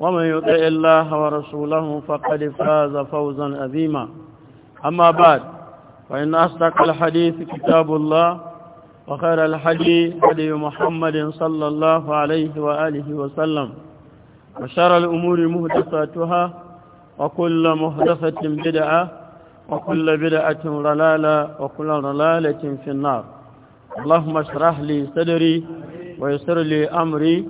ومن يطع الله ورسوله فقد فاز فوزا عظيما أما بعد فإن أصدق الحديث كتاب الله وخير الحديث حديث محمد صلى الله عليه وآله وسلم وشر الأمور مهدفاتها وكل مهدفة بدعة وكل بدعة رلالة وكل رلالة في النار اللهم اشرح لي صدري ويسر لي أمري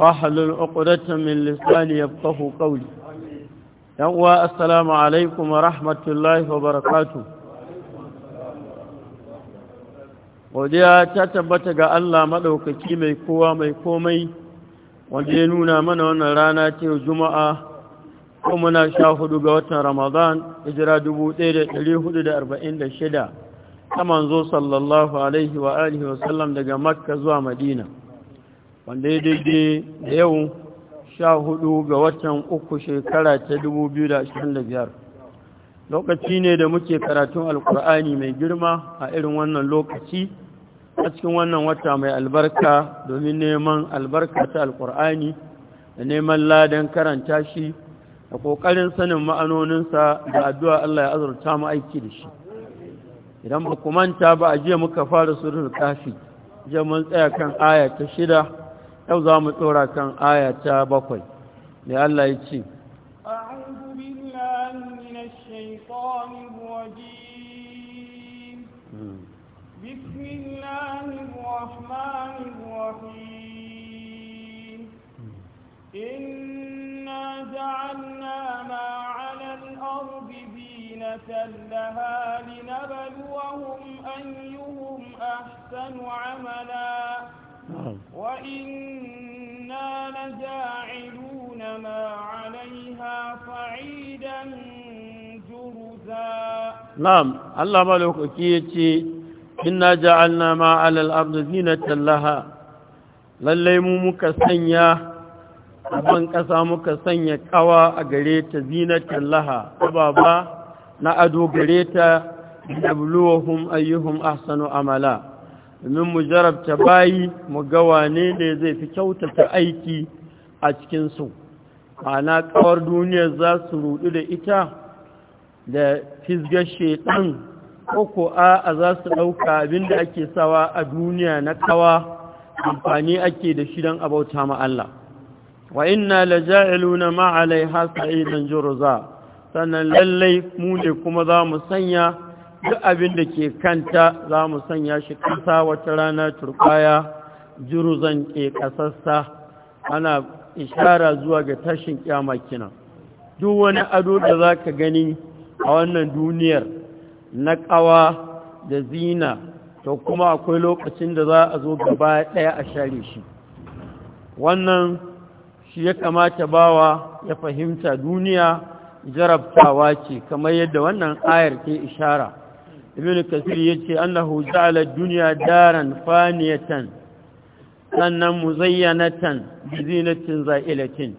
واحلل عقدة من لساني يفقه قولي يقوى السلام عليكم ورحمة الله وبركاته godiya ta tabbata ga Allah maɗaukaki mai kowa mai komai wanda ya nuna mana wannan rana ta juma'a ko muna sha hudu ga watan ramadan hijira 1446 ta manzo sallallahu alaihi wa alihi daga makka zuwa madina wanda ya daidai da yau sha hudu ga watan uku shekara ta dubu biyu da ashirin da biyar lokaci ne da muke karatun alkur'ani mai girma a irin wannan lokaci a cikin wannan wata mai albarka domin neman albarka ta alkur'ani da neman ladan karanta shi da ƙoƙarin sanin ma'anoninsa da addu'a Allah ya azurta mu aiki da shi idan ba manta ba a jiya muka fara surun kafi jiya mun tsaya kan aya ta shida yau za mu tsora kan aya ta bakwai da Allah ya ce بسم الله الرحمن الرحيم إنا جعلنا ما على الأرض زينة لها لنبلوهم أيهم أحسن عملاً وإنا لجاعلون ما عليها صعيدا جرزا نعم الله ملك كيتي إنا جعلنا ما على الأرض زينة لها lallai mu muka sanya abin ƙasa muka sanya ƙawa a gare ta zinatan laha ababa na ado gare ta da ahsanu amala domin mu jarabta bayi mu ga wane ne zai fi kyautata aiki a cikinsu ana kawar duniyar za su rudu da ita da fizgar shaidan koko a za su ɗauka abinda ake sawa a duniya na kawa amfani ake da shi don abauta ma Allah wa inna la ja'iluna ma'alai alaiha sa'idan jurza sannan lallai mu ne kuma za mu sanya duk abin da ke kanta za mu sanya shi ƙasa wata rana turkaya juruzan ke ƙasassa ana ishara zuwa ga tashin kyama kina duk wani ado da za ka gani a wannan duniyar na ƙawa da zina to kuma akwai lokacin da za a zo gaba ɗaya a share shi wannan shi ya kamata bawa ya fahimta duniya jarabtawa ce kamar yadda wannan ayar ke ishara ibn kasir yace annahu ja'ala duniya daran faniyatan sannan muzayyanatan bizinatin za'ilatin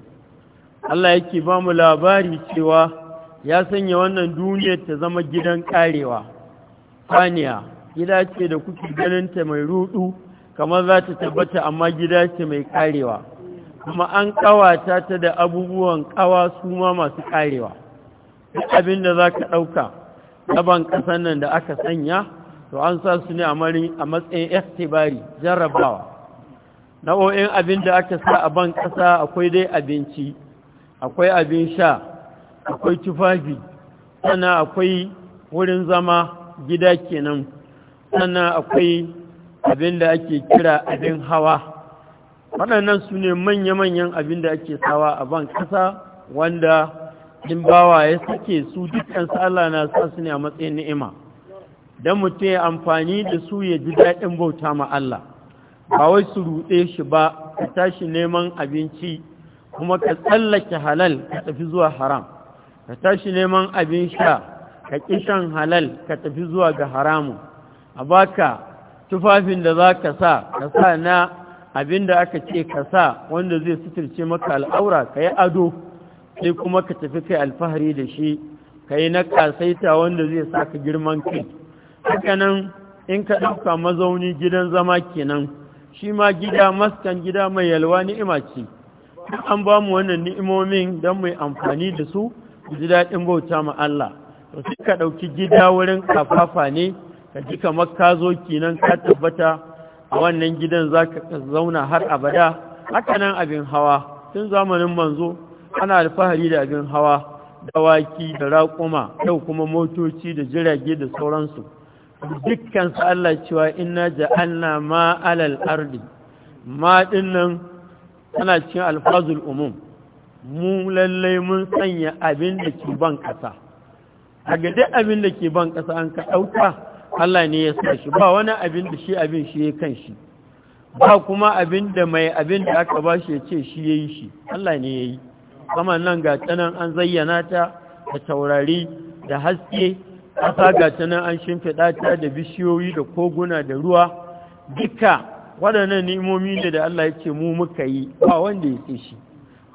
Allah yake ba mu labari cewa ya sanya wannan duniyar ta zama gidan karewa faniya gida ce da kuke ganin ta mai rudu kamar za ta tabbata amma gida ce mai karewa kuma an kawata ta da abubuwan kawa su ma masu karewa duk abin da za ka ɗauka Saban ƙasan nan da aka sanya to an sa su ne a matsayin ihtibari jarrabawa nau'o'in abin da aka sa a ban ƙasa akwai dai abinci akwai abin sha akwai tufafi sannan akwai wurin zama gida kenan sannan akwai abin da ake kira abin hawa waɗannan su ne manya-manyan abin da ake sawa a ban ƙasa wanda in bawa ya sake su dukkan Allah na sa su ne a matsayin ni'ima don mutum ya amfani da su ya ji daɗin bauta ma Allah ba wai su ruɗe shi ba ka tashi neman abinci kuma ka tsallake halal ka tafi zuwa haram ka tashi neman abin sha ka kishan halal ka tafi zuwa ga haramun a baka tufafin da za ka sa ka sa na abin da aka ce ka sa wanda zai suturce maka al'aura ka yi ado sai kuma ka tafi kai alfahari da shi ka yi na kasaita wanda zai sa ka girman kai haka nan in ka ɗauka mazauni gidan zama kenan shi ma gida maskan gida mai yalwa ni'ima ce an ba mu wannan ni'imomin don mai amfani da su ji daɗin bauta ma Allah to sai ka ɗauki gida wurin kafafa ne ka ji kamar ka zo kenan ka tabbata a wannan gidan za ka zauna har abada haka nan abin hawa tun zamanin manzo ana alfahari da abin hawa dawaki da raƙuma yau kuma motoci da jirage da sauransu dukkan su Allah cewa inna ja'alna ma alal ardi ma dinnan tana cikin alfazul umum mu lallai mun sanya abin da ke ban kasa a ga duk abin da ke ban kasa an ka dauka Allah ne ya sa shi ba wani abin da shi abin shi ya kan shi ba kuma abin da mai abin da aka ba shi ya ce shi ya yi shi Allah ne ya yi kamar nan ga tanan an zayyana ta da taurari da haske ƙasa ga tanan an shimfiɗa ta da bishiyoyi da koguna da ruwa duka waɗannan ni'imomi ne da Allah ya mu muka yi ba wanda ya ce shi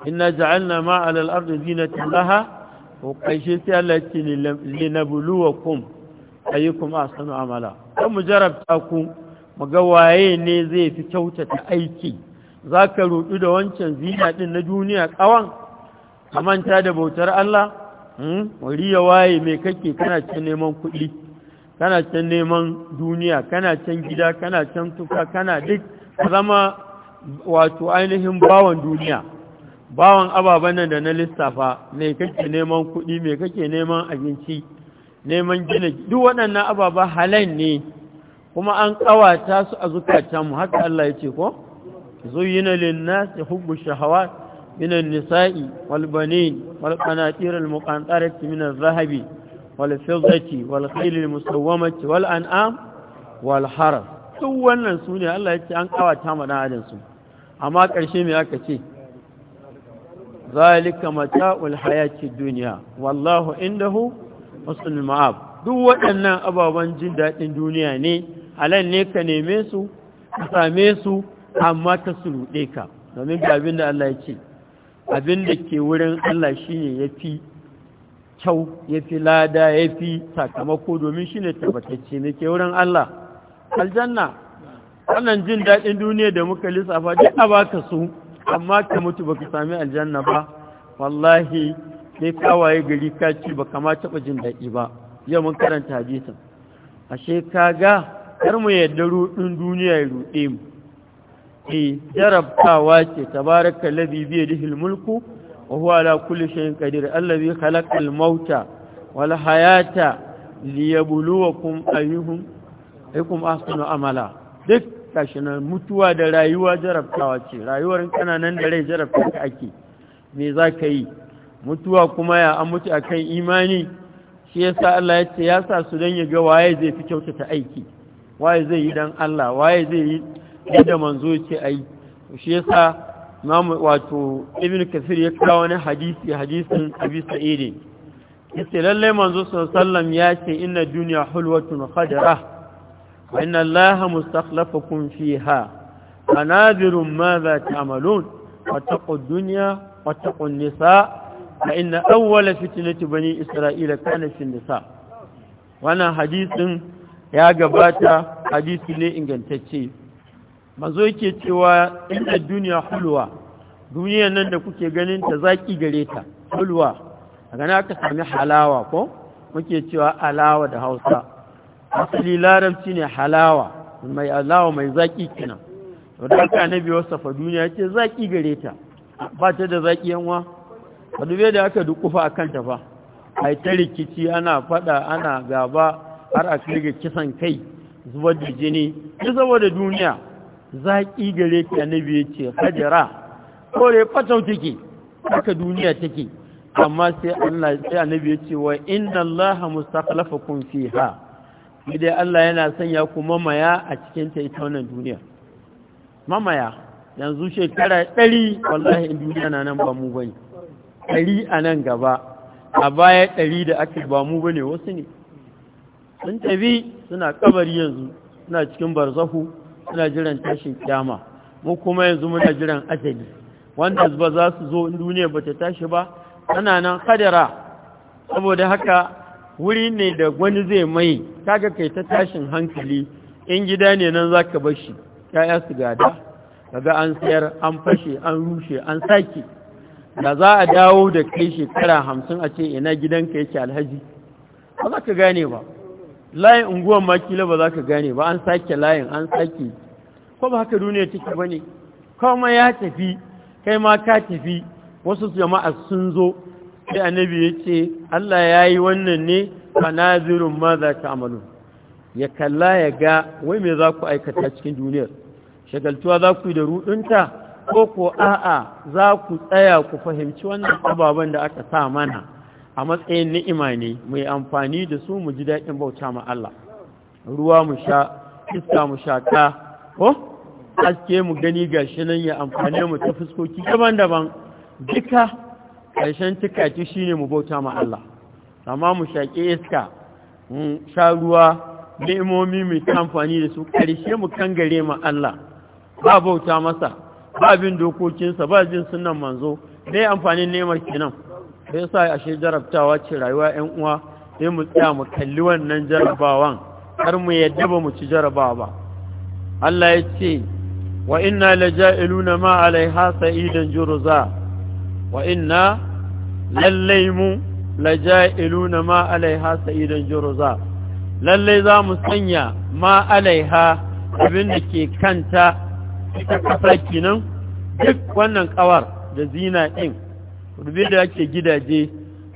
inna ja'alna ma alal ardi zinatan laha wa qaishe sai Allah ya ce linabluwakum ayyukum ahsanu amala dan mu jarabta ku mu ga waye ne zai fi kyautata aiki zaka rudu da wancan zina din na duniya kawan ka manta da bautar Allah wari hmm? ya waye mai kake kana can neman kuɗi kana can neman duniya kana can gida kana can tuka? kana duk zama wato ainihin bawan duniya bawan ababen da na lissafa mai kake neman kuɗi mai kake neman abinci neman gina duk waɗannan ababa halayen ne kuma an ƙawata su a zukatanmu haka Allah ya ce ko zuyina lin nasi hubbu shahawat من النساء والبنين والقناطير المقنطرة من الذهب والفضة والخيل المسومة والأنعام والحرث duk wannan su ne Allah ya ce an kawata ma dan adam su amma ƙarshe me aka ce zalika mata'ul hayatid dunya wallahu indahu husnul ma'ab duk waɗannan ababen jin daɗin duniya ne halan ne ka neme su ka same su amma ka suluɗe ka domin ga abin da Allah ya ce abin da ke wurin Allah shi ne ya fi kyau ya fi lada ya fi sakamako domin shi shine tabbatacce ne ke wurin Allah aljanna wannan jin daɗin duniya da muka lissafa duk a baka su amma ka mutu baka sami aljanna ba wallahi sai kawaye gari ka ci ba kama taɓa jin daɗi ba yau mun karanta hadisin ashe kaga har mu yadda ruɗin duniya ya ruɗe mu eh jarabtawa ce tabaraka ladhi bi yadihi mulku wa huwa ala kulli shay'in qadir allazi khalaqa mauta wal hayata liyabluwakum ayyuhum ayyukum ahsanu amala duk kashi mutuwa da rayuwa jarabtawa ce rayuwar kananan da rai jarabta ka ake me zaka yi mutuwa kuma ya an mutu akan imani shi yasa Allah ya ce ya sa su dan ya ga waye zai fi kyautata aiki waye zai yi dan Allah waye zai yi yadda manzo yake ai shi yasa mamu wato ibn kasir ya kawo wani hadisi hadisin abi sa'id yace lalle manzo sallallahu ya ce inna dunya hulwatun khadra wa inna allaha mustakhlafakum fiha fanadirun madha ta'malun wattaqu dunya wattaqu nisa fa inna awwala fitnati bani isra'ila kana fi nisa wannan hadisin ya gabata hadisi ne ingantacce manzo yake cewa inna duniya hulwa duniyar nan da kuke ganin ta zaki gare ta hulwa daga na aka sami halawa ko muke cewa alawa da hausa asali larabci ne halawa mai alawa mai zaki kina wadda aka wasa fa duniya ce zaki gare ta ba ta da zaki yanwa ba dube da aka dukufa a kanta ba a ta rikici ana fada ana gaba har a ga kisan kai zubar da jini ta saboda duniya zaƙi gare ki annabi ya ce hajara kore fatau take haka duniya take amma sai Allah sai annabi ya ce wa inna Allah mustaqlafakum fiha idan Allah yana sanya ku mamaya a cikin ta ita wannan duniya mamaya yanzu shekara 100 wallahi duniya na nan ba mu bane 100 a nan gaba a baya ɗari da ake ba mu bane wasu ne sun tafi suna kabari yanzu suna cikin barzahu suna jiran tashin kyama mu kuma yanzu muna jiran ajali wanda ba za su zo duniya ba ta tashi ba ana nan kadara saboda haka wuri ne da wani zai mai kaga kai ta tashin hankali in gida ne nan za ka bashi kaya su gada kaga an sayar an fashe an rushe an sake da za a dawo da kai shekara hamsin a ce ina gidanka yake alhaji ba za ka gane ba layin unguwan makila ba za ka gane ba an sake layin an sake ko ba haka duniya take ba ne kawai ya tafi kai ma ka tafi wasu jama'a sun zo sai annabi ya ce Allah ya yi wannan ne nazirun ma za ta amalu ya kalla ya ga wai me za ku aikata cikin duniyar shagaltuwa za ku yi da rudunta ko ko a'a za ku tsaya ku fahimci wannan ababen da aka sa mana a matsayin ni'ima ne mai amfani da su mu ji daɗin bauta ma Allah ruwa mu sha iska mu sha ta ko haske mu gani gashi nan ya amfane mu ta fuskoki daban-daban duka ƙarshen shi shine mu bauta ma Allah amma mu shaƙe iska mu sha ruwa ni'imomi mu ta amfani da su ƙarshe mu kangare ma Allah ba bauta masa ba bin dokokinsa ba jin sunan manzo dai amfanin neman kenan Sai ya ashe jarabtawa ce rayuwa 'yan uwa sai mu tsaya mu kalli wannan jarabawan kar mu yadda ba mu ci jarabawa ba Allah ya ce wa inna la ja'iluna ma alaiha sa'idan juruza wa inna lallai mu la ja'iluna ma alaiha sa'idan juruza lallai za mu sanya ma alaiha abin da ke kanta ta kasa kinan duk wannan kawar da zina ɗin rubi da ake gidaje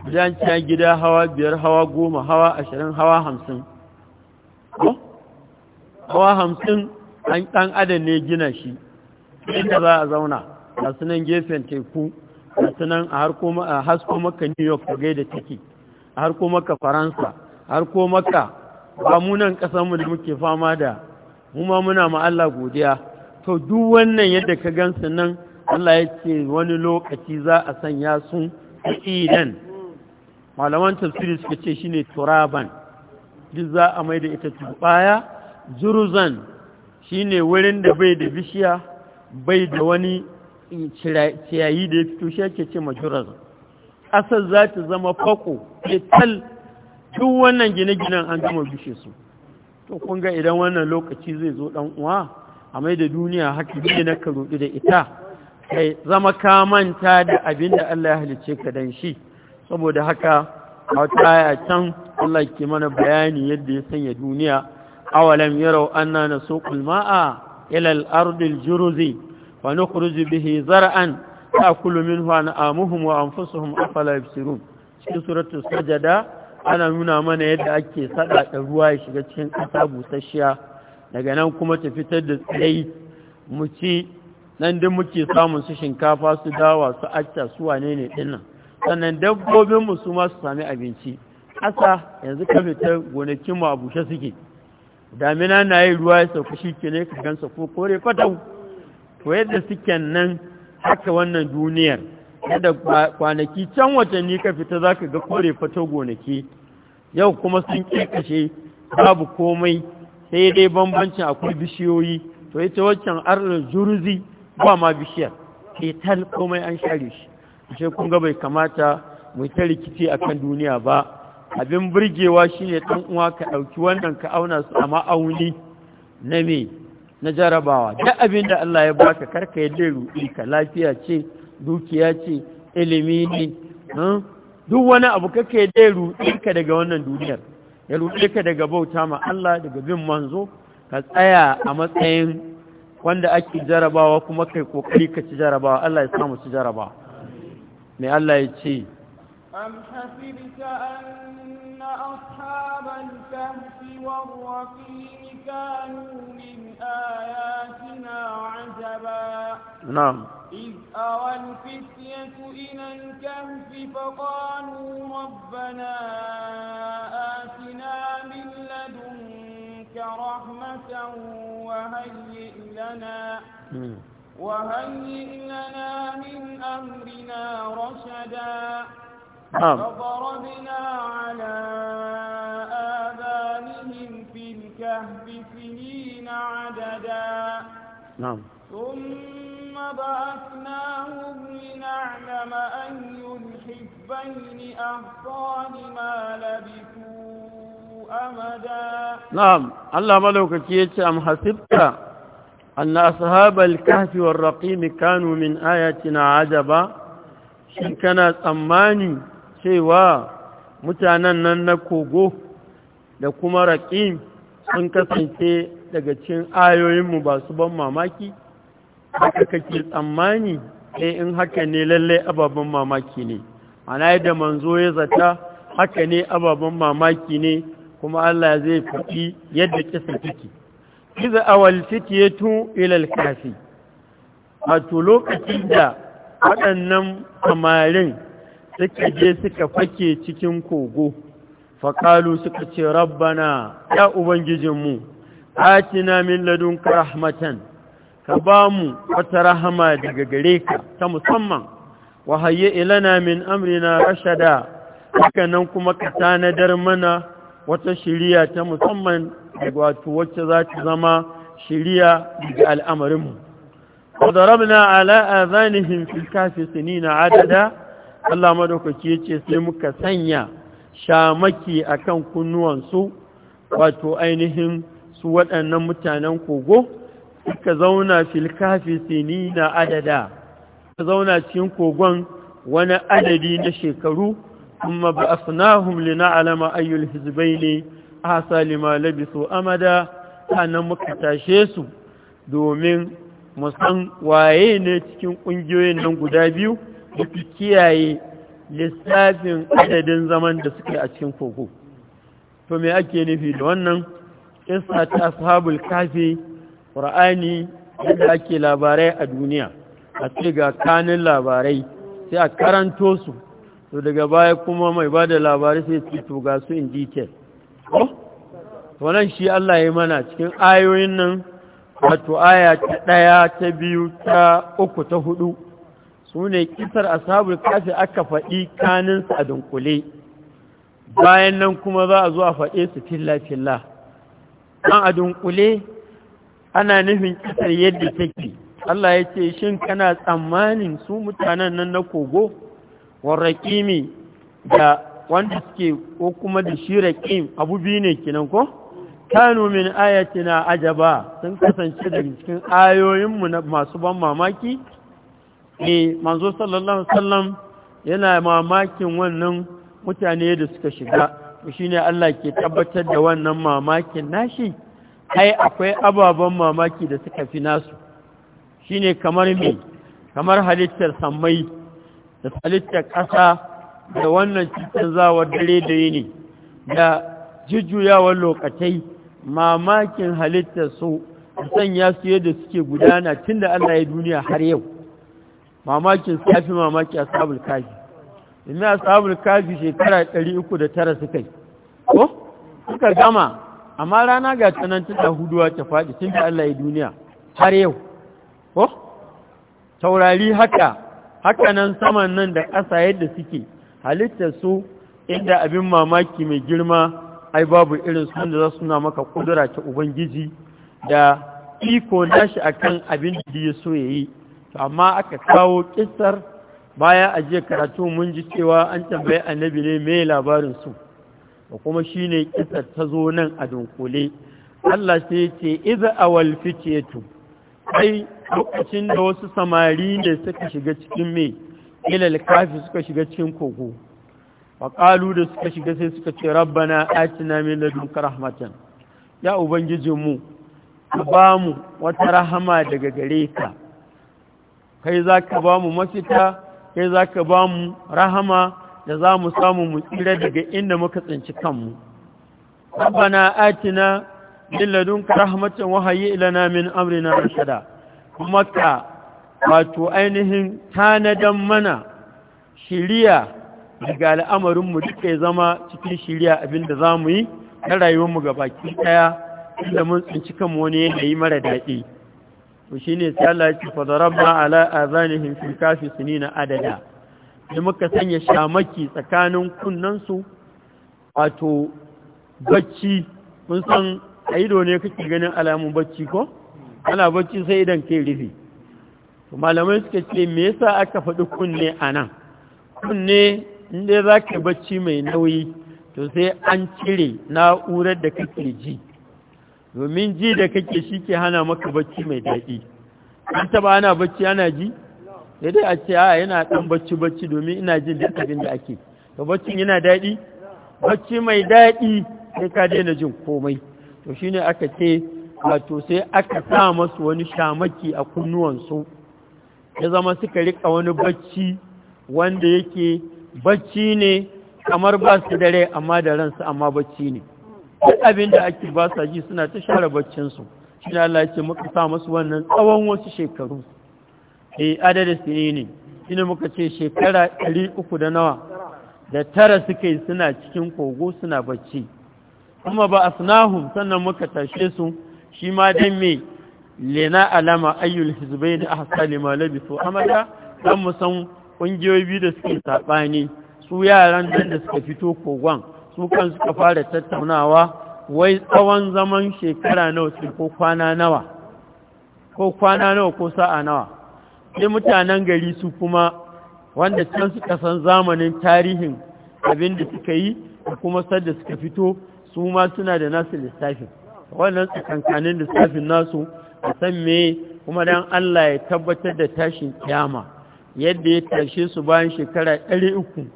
gidan ciya gida hawa biyar hawa goma hawa ashirin hawa hamsin hawa hamsin an ɗan adam ne gina shi inda za a zauna a sunan gefen teku a sunan a hasko maka new york ta da take a harko maka faransa harko maka ba munan ƙasanmu da muke fama da mu ma muna ma'alla godiya to duk wannan yadda ka gansu nan Allah ya ce wani lokaci za a sanya su idan malaman tafsiri suka ce shi ne turaban duk za a mai da ita tubaya juruzan ne wurin da bai da bishiya bai da wani ciyayi da ya fito shi ake ce juruzan ƙasar za ta zama fako tal duk wannan gine-ginen an gama bishe su to kun idan wannan lokaci zai zo ɗan uwa a mai da duniya haka ne na karoɗi da ita kai zama ka manta da abin da Allah ya halice ka dan shi saboda haka a wata a can Allah ke mana bayani yadda ya sanya duniya awalam yarau anna nasuqul ma'a ila al-ardi al-juruzi wa nukhruju bihi zar'an ta'kulu minhu an'amuhum wa anfusuhum afala yabsirun cikin suratu sajada ana nuna mana yadda ake sada ruwa ya shiga cikin ƙasa busasshiya daga nan kuma ta fitar da tsayi mu ci nan duk muke samun su shinkafa su dawa su acca su wane ne dinnan sannan dabbobin mu su ma su sami abinci ƙasa yanzu ka fita gonakin mu a bushe suke damina na yi ruwa ya sauka shi ke ne ka gansa ko kore kwatau to yadda suke nan haka wannan duniyar yadda kwanaki can watanni ka fita za ka ga kore fatau gonaki yau kuma sun kashe babu komai sai dai bambancin akwai bishiyoyi to ita waccan arzikin ba ma bishiyar tal, komai an share shi ashe kun ga bai kamata mu ta rikici kan duniya ba abin burgewa shine dan uwa ka ɗauki wannan ka auna su a ma'auni na me na jarabawa duk abin da Allah ya baka ka yadda ruɗi ka lafiya ce dukiya ce ilimi ne hmm? duk wani abu kake yadda ruɗi ka daga wannan duniyar ya ruɗe ka daga bauta ma Allah daga bin manzo ka tsaya a matsayin wanda ake jarabawa kuma kai kokari ka ci jarabawa Allah ya samu ci jarabawa Me Allah ya ce am hasibta anna ashaban kahfi warraqim kanu min ayatina ajaba na'am إذ أوى الفتية إلى الكهف فقالوا ربنا آتنا من لدنك منك رحمة وهيئ لنا وهيئ لنا من أمرنا رشدا نعم. فضربنا على آذانهم في الكهف سنين عددا نعم ثم بعثناهم لنعلم أي الحزبين أحصى لما لبثوا amada na'am Allah malaukaki yace am hasibta anna ashabal kahfi war raqim kanu min ayatina ajaba shin kana tsammani cewa mutanen nan na kogo da kuma raqim sun kasance daga cikin ayoyin mu ba su ban mamaki haka kake tsammani sai in haka ne lalle ababan mamaki ne ana yadda manzo ya zata haka ne ababan mamaki ne kuma Allah zai faɗi yadda kisa take iza awal fitiyatu ila al-kafi wato lokacin da waɗannan kamarin suka je suka fake cikin kogo faƙalu suka ce rabbana ya ubangijinmu atina min ladunka rahmatan ka ba mu wata rahama daga gare ka ta musamman wahayye ilana min amrina rashada haka nan kuma ka tanadar mana wata shiriya ta musamman wato wacce za ta zama shiriya daga al'amarinmu ala'a ala azanihim fil sini na adada Allah madaukaki yace sai muka sanya shamaki a kan kunnuwansu wato ainihin su waɗannan mutanen kogo suka zauna fil sini na adada suka zauna cikin kogon wani adadi na shekaru ثم بأفناهم لنعلم أي الحزبين أحسى لما لبثوا أمدا أنا su domin mu san waye ne cikin ƙungiyoyin nan guda biyu da fi kiyaye lissafin adadin zaman da suke a cikin koko to me ake nufi da wannan isa ta ashabul kafi ƙur'ani yadda ake labarai a duniya a ce kanin labarai sai a karanto su to daga baya kuma mai ba da labari sai su to ga su in detail wannan shi Allah ya mana cikin ayoyin nan wato aya ta ɗaya ta biyu ta uku ta hudu Sune ne kisar ashabul kafi aka faɗi kaninsu a dunkule bayan nan kuma za a zo a faɗe su filla-filla an a dunkule ana nufin kisar yadda take Allah ya ce shin kana tsammanin su mutanen nan na kogo warraƙimi da wanda suke ko kuma da shi raƙim abu biyu ne kinan ko kanu min ayatina ajaba sun kasance daga cikin ayoyinmu na masu ban mamaki ne manzo sallallahu sallam yana mamakin wannan mutane da suka shiga shi ne Allah ke tabbatar da wannan mamakin nashi ai akwai ababen mamaki da suka fi nasu shi ne kamar me kamar halittar sammai da halitta ƙasa da wannan cikin zawar dare da yini da jujjuyawar lokacai mamakin halittar su da sanya su yadda suke gudana tun da Allah ya duniya har yau mamakin safi mamaki a sabul kafi ina sabul kafi shekara 309 suka yi ko suka gama amma rana ga tanan ta huduwa ta faɗi tun da Allah ya duniya har yau ko taurari haka hakanan saman nan da ƙasa yadda suke halittar su inda abin mamaki mai girma ai babu irin su wanda za su na maka kudura ta ubangiji da iko nashi akan abin da ya so yayi amma aka kawo kissar baya a jiya karatu mun ji cewa an tambaye annabi ne me labarin su da kuma shine kissar ta zo nan a dunkule Allah sai ya ce idza awal fitiyatu ai lokacin da wasu samari ne suka shiga cikin mai ilal kafi suka shiga cikin kogo faƙalu da suka shiga sai suka ce rabbana atina min ladunka rahmatan ya ubangijinmu ka ba wata rahama daga gare ka kai za ka ba mafita kai za ka ba rahama da za mu samu mu tsira daga inda muka tsinci kanmu rabbana atina min ladunka rahmatan wa hayyi lana min amrina rashada kuma ka wato ainihin tanadan mana shirya daga al'amarinmu duka ya zama cikin shiriya abinda za mu yi na rayuwarmu ga baki daya inda mun tsinci kan wani yanayi mara daɗi to shi ne sai Allah ya ce ala azanihim fi kafi na adada da muka sanya shamaki tsakanin kunnansu wato bacci mun san a ido ne kake ganin alamun bacci ko ana bacci sai idan ke rufe malamai suka ce me yasa aka faɗi kunne anan? kunne inda za ka bacci mai nauyi to sai an cire na'urar da kake ji domin ji da kake shi ke hana maka bacci mai daɗi an taɓa ana bacci ana ji Sai dai a ce a yana ɗan bacci bacci domin ina jin duk abin da ake to baccin yana daɗi bacci mai daɗi sai ka daina jin komai to shine aka ce wato sai aka sa masu wani shamaki a kunnuwansu ya zama suka rika wani bacci wanda yake bacci ne kamar ba su dare amma da ransu amma bacci ne duk abin da ake ba sa ji suna ta share baccinsu shi da Allah ce muka sa masu wannan tsawon wasu shekaru eh adada su ne ne. shine muka ce shekara 300 da nawa da tara suke suna cikin kogo suna bacci kuma ba asnahum sannan muka tashe su shi ma dan me lena alama ayyul hizbai da ma labisu amada dan mu san kungiyoyi biyu da suke sabani su yaran dan da suka fito kogon su kan suka fara tattaunawa wai tsawon zaman shekara nawa ce ko kwana nawa ko kwana nawa ko sa'a nawa sai mutanen gari su kuma wanda can suka san zamanin tarihin abin da suka yi da kuma sadda suka fito su ma suna da nasu lissafin wannan tsakankanin lissafin nasu a san me kuma dan Allah ya tabbatar da tashin kiyama yadda ya tashe su bayan shekara 300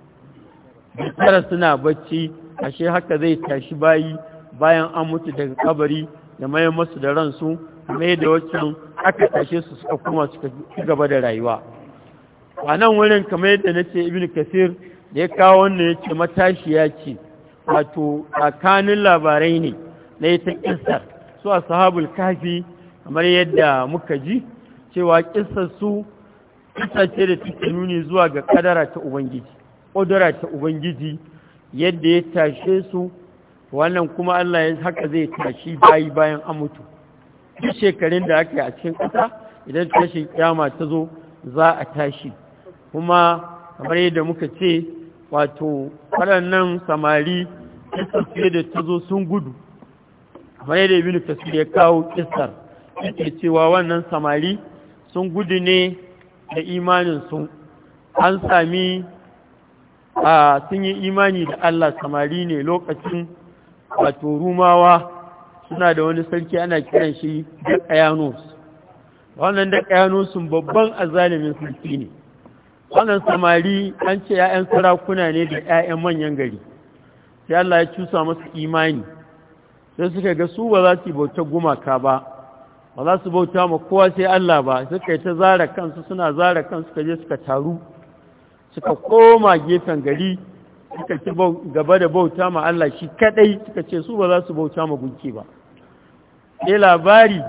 tara suna bacci ashe haka zai tashi bayi bayan an mutu daga kabari da mayan masu da ransu mai da waccan aka tashe su suka kuma suka ci gaba da rayuwa a nan wurin kamar yadda na ce ibn kasir da ya kawo wannan ya matashiya ce wato tsakanin labarai ne ɗaya ta ƙinsar su a sahabul kafi kamar yadda muka ji cewa ƙisar su ce da take nuni zuwa ga ƙadara ta ubangiji ƙudura ta ubangiji yadda ya tashe su wannan kuma Allah ya haka zai tashi bayi bayan an mutu duk shekarun da aka yi a cikin ƙasa idan tashin kyama ta zo za a tashi kuma kamar yadda muka ce wato waɗannan samari ta da ta zo sun gudu kamar yadda ibn da ya kawo kissar yake cewa wannan samari sun gudu ne da imanin an sami a sun yi imani da Allah samari ne lokacin wato rumawa suna da wani sarki ana kiran shi da kayanus wannan da kayanusun babban azalimin sarki ne wannan samari an ce ‘ya'yan sarakuna ne da ‘ya'yan manyan gari sai Allah ya cusa masu imani sai suka ga su ba za su bauta gumaka ba ba za su bauta ma kowa sai Allah ba suka yi ta zara kansu suna zara kansu suka je suka taru suka koma gefen gari suka ci gaba da bauta ma Allah shi kadai suka ce su ba za su bauta ma gunki ba sai labari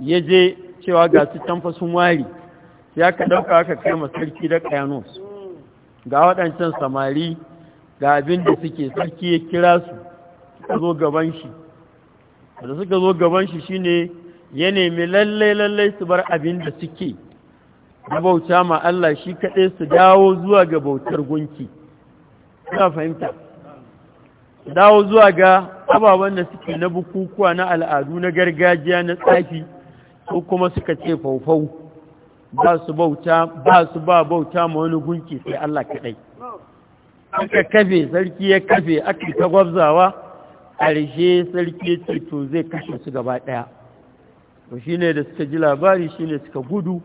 ya je cewa ga su can sun wari sai aka dauka aka kai ma sarki da kayanus ga waɗancan samari ga abin da suke sarki ya kira su zo gaban shi da suka zo gaban shi shi ne ya nemi lallai lallai su bar abin da suke na bauta ma Allah shi kaɗai su dawo zuwa ga bautar gunki suna fahimta dawo zuwa ga ababen da suke na bukukuwa na al'adu na gargajiya na tsafi ko kuma suka ce faufau ba su bauta ba su ba bauta ma wani gunki sai Allah kaɗai aka kafe sarki ya kafe aka ta gwabzawa ƙarshe sarki to zai kashe su gaba ɗaya to shi ne da suka ji labari shi ne suka gudu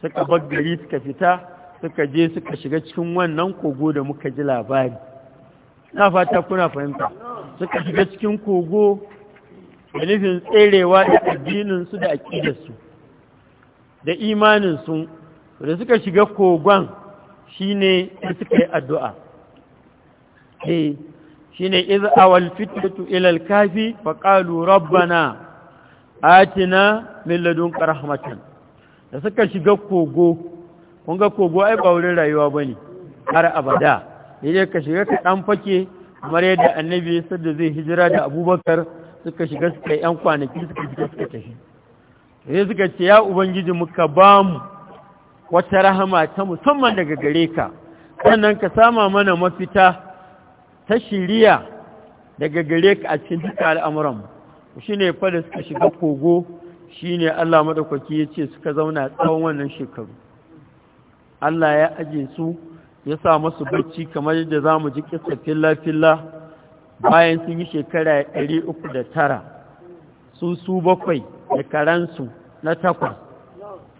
suka baggari suka fita suka je suka shiga cikin wannan kogo da muka ji labari na fata kuna fahimta suka shiga cikin kogo da nufin tserewa da addininsu da aƙidarsu da imaninsu da suka shiga kogon shi ne suka yi addu'a eh, shine iz awal fitatu ila al-kafi fa qalu rabbana atina min ladunka rahmatan da suka shiga kogo kun ga kogo ai ba wurin rayuwa bane har abada yayin ka shiga ka dan fake kamar yadda annabi da zai hijira da abubakar suka shiga suka yan kwanaki suka shiga suka tafi sai suka ce ya ubangiji muka ba mu wata rahama ta musamman daga gare ka sannan ka sama mana mafita ta shiriya daga gare ka a cikin duka al'amuran shi ne fada suka shiga kogo shi ne Allah maɗaukaki ya ce suka zauna tsawon wannan shekaru Allah ya aje su ya sa masu bacci kamar yadda za mu ji ƙisa filla-filla bayan sun yi shekara ɗari uku da tara su su bakwai da karansu na takwas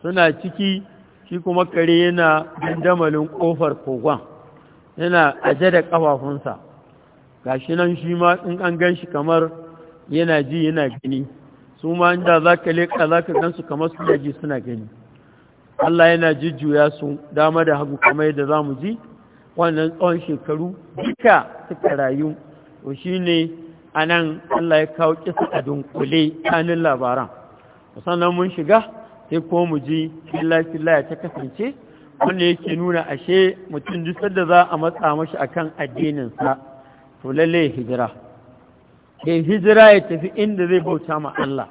suna ciki shi kuma kare yana dandamalin ƙofar kogon yana aje da ƙafafunsa shi nan shi ma in an gan shi kamar yana ji yana gani su ma inda za ka leƙa za ka gansu kamar suna ji suna gani Allah yana jujjuya su dama da hagu kamar yadda za mu ji wannan tsawon shekaru duka suka rayu to shi ne a nan Allah ya kawo kisa a dunkule kanin labaran sannan mun shiga sai ko mu ji fillafilla ta kasance wanda yake nuna ashe mutum duk da za a matsa mashi akan addininsa to lalle ya hijira E, hijira ya tafi inda zai bauta ma Allah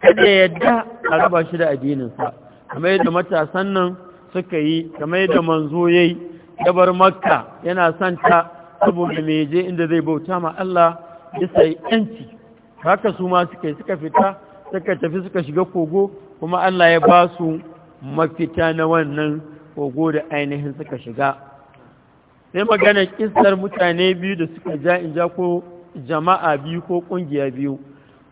kada ya yadda a raba shi da addininsa kamar yadda matasan nan suka yi kamar yadda manzo ya yi makka yana son ta saboda me je inda zai bauta ma Allah ya sai yanci haka su ma suka yi suka fita suka tafi suka shiga kogo kuma Allah ya ba su mafita na wannan kogo da ainihin suka shiga sai magana kisar mutane biyu da suka ja in ja ko jama'a biyu ko kungiya biyu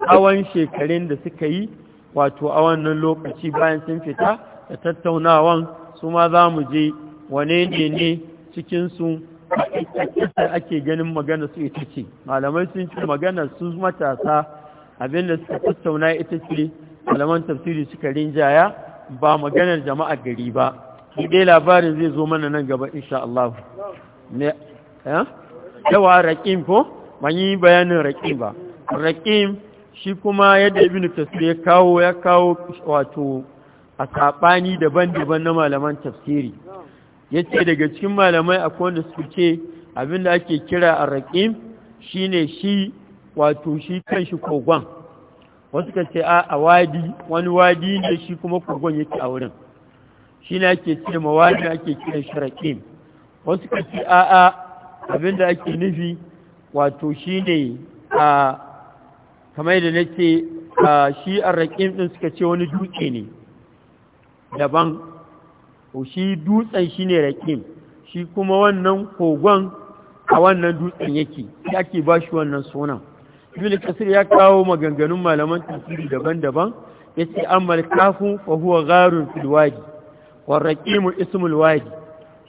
awon shekarun da suka yi wato a wannan lokaci bayan sun fita da tattaunawan su ma za mu je wane ne ne cikinsu a ake ganin magana su ita ce malamai sun ce magana su matasa abinda suka tattauna ita ce malaman tafsiri suka rinjaya ba maganar jama'a gari ba dai labarin zai zo mana nan gaba insha Allah Eh? yawa raƙin ko ban bayanin raƙin ba raƙim shi kuma yadda ibn tafsir ya kawo ya kawo wato a saɓani daban-daban na malaman tafsiri ya ce daga cikin malamai a kowanda su ce da ake kira a raƙim shi ne shi wato shi kan shi kogon wasu ka ce a wadi wani wadi ne shi kuma kogon yake a wurin shi ne ake ce ma wadi ake kira shi raƙin. wasu kaci a'a abinda ake nufi wato shi ne a kamar da nake shi a raƙin ɗin suka ce wani dutse ne daban shi dutsen shi ne raƙin shi kuma wannan kogon a wannan dutsen yake shi ake ba shi wannan sunan ibn kasir ya kawo maganganun malaman tafsiri daban-daban yace amal kafu fa huwa gharun fil wadi wa raqimu ismul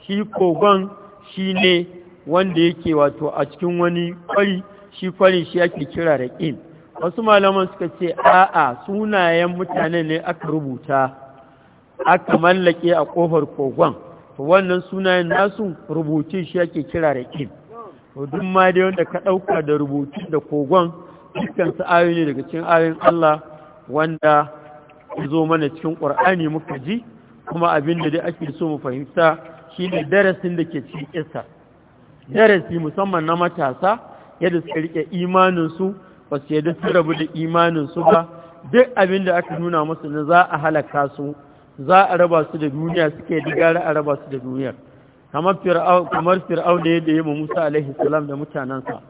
shi kogon shi ne wanda yake wato a cikin wani kwari shi kwari shi ake kira da ƙin wasu malaman suka ce a'a sunayen mutane ne aka rubuta aka mallake a ƙofar kogon wannan sunayen nasu rubutun shi ake kira da ƙin duk ma dai wanda ka ɗauka da rubutun da kogon dukkan su ne daga cikin ayoyin Allah wanda zo mana cikin ƙur'ani muka ji kuma abin da dai ake so mu fahimta shi ne darasin da ke cikin isa darasi musamman na matasa yadda suka rike imaninsu ba su yadda su rabu da imaninsu ba duk abin da aka nuna masu na za a halaka su za a raba su da duniya suke digara a raba su da duniyar kamar fir'au da yadda yi ma musa alaihi salam da mutanensa